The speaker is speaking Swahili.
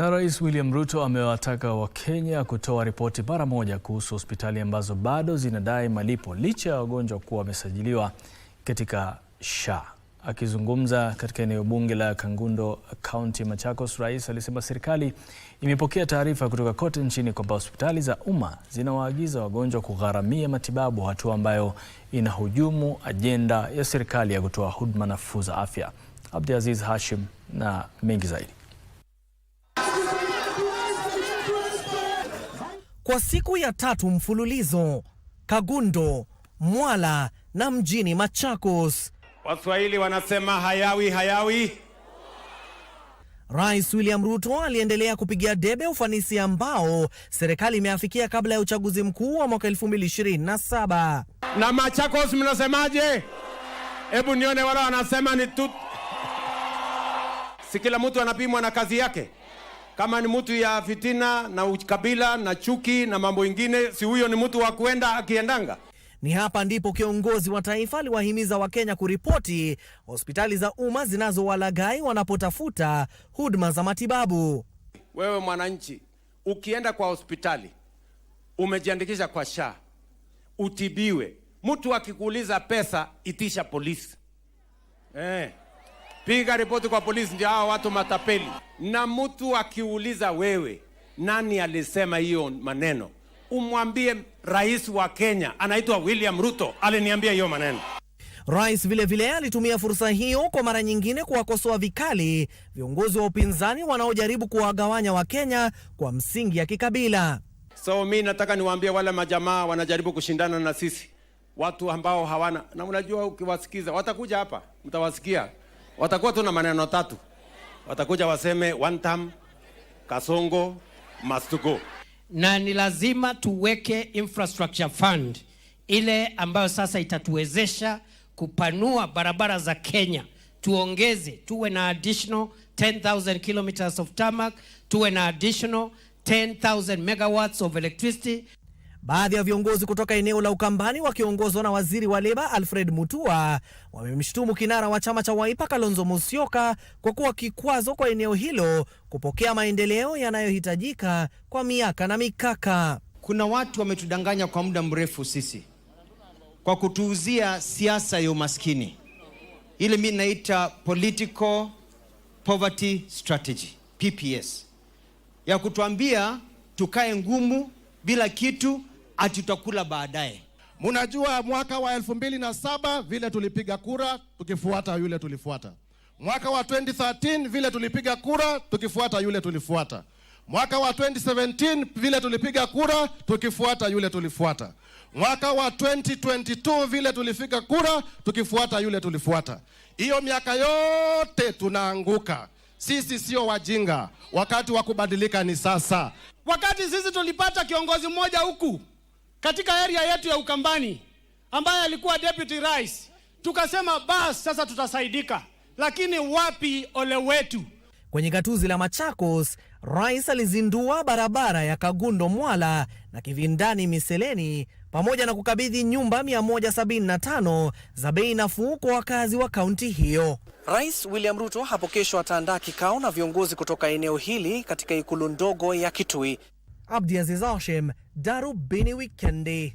Na Rais William Ruto amewataka Wakenya kutoa ripoti mara moja kuhusu hospitali ambazo bado zinadai malipo licha ya wagonjwa kuwa wamesajiliwa katika SHA. Akizungumza katika eneo bunge la Kangundo, kaunti ya Machakos, rais alisema serikali imepokea taarifa kutoka kote nchini kwamba hospitali za umma zinawaagiza wagonjwa kugharamia matibabu, hatua ambayo inahujumu ajenda ya serikali ya kutoa huduma nafuu za afya. Abdiaziz Hashim na mengi zaidi. Kwa siku ya tatu mfululizo Kagundo, Mwala na mjini Machakos, Waswahili wanasema hayawi hayawi. Rais William Ruto aliendelea kupigia debe ufanisi ambao serikali imeafikia kabla ya uchaguzi mkuu wa mwaka 2027. Na Machakos mnasemaje? Hebu nione wale wanasema ni tu... si kila mtu anapimwa na kazi yake. Kama ni mtu ya fitina na ukabila na chuki na mambo ingine, si huyo ni mtu wa kuenda akiendanga. Ni hapa ndipo kiongozi wa taifa aliwahimiza Wakenya kuripoti hospitali za umma zinazowalaghai wanapotafuta huduma za matibabu. Wewe mwananchi, ukienda kwa hospitali umejiandikisha kwa SHA utibiwe, mtu akikuuliza pesa, itisha polisi eh piga ripoti kwa polisi, ndio hao watu matapeli. Na mtu akiuliza wewe, nani alisema hiyo maneno, umwambie rais wa Kenya anaitwa William Ruto aliniambia hiyo maneno. Rais vilevile alitumia fursa hiyo kwa mara nyingine kuwakosoa vikali viongozi wa upinzani wanaojaribu kuwagawanya Wakenya kwa msingi ya kikabila. So mi nataka niwaambie wale majamaa wanajaribu kushindana na sisi, watu ambao hawana na, unajua ukiwasikiza watakuja hapa, mtawasikia watakuwa tu na maneno tatu, watakuja waseme one term, Kasongo must go, na ni lazima tuweke infrastructure fund ile ambayo sasa itatuwezesha kupanua barabara za Kenya, tuongeze, tuwe na additional 10,000 kilometers of tarmac, tuwe na additional 10,000 megawatts of electricity. Baadhi ya viongozi kutoka eneo la Ukambani wakiongozwa na waziri wa leba Alfred Mutua wamemshutumu kinara wa chama cha waipa Kalonzo Musyoka kwa kuwa kikwazo kwa eneo hilo kupokea maendeleo yanayohitajika kwa miaka na mikaka. Kuna watu wametudanganya kwa muda mrefu sisi kwa kutuuzia siasa ya umaskini, ile mi naita political poverty strategy PPS, ya kutuambia tukae ngumu bila kitu ati baadaye. Munajua mwaka wa elfu mbili na saba vile tulipiga kura tukifuata yule tulifuata. Mwaka wa 2013 vile tulipiga kura tukifuata yule tulifuata. Mwaka wa 2017 vile tulipiga kura tukifuata yule tulifuata. Mwaka wa 2022 vile tulipiga kura tukifuata yule tulifuata. Hiyo miaka yote tunaanguka. Sisi sio wajinga. Wakati wa kubadilika ni sasa. Wakati sisi tulipata kiongozi mmoja huku katika area yetu ya Ukambani ambaye alikuwa deputy rais, tukasema basi sasa tutasaidika, lakini wapi ole wetu. Kwenye gatuzi la Machakos, rais alizindua barabara ya Kagundo Mwala na Kivindani Miseleni pamoja na kukabidhi nyumba 175 za bei nafuu kwa wakazi wa kaunti hiyo. Rais William Ruto hapo kesho ataandaa kikao na viongozi kutoka eneo hili katika ikulu ndogo ya Kitui. Abdiaziz Hashim, Daru Benewikende.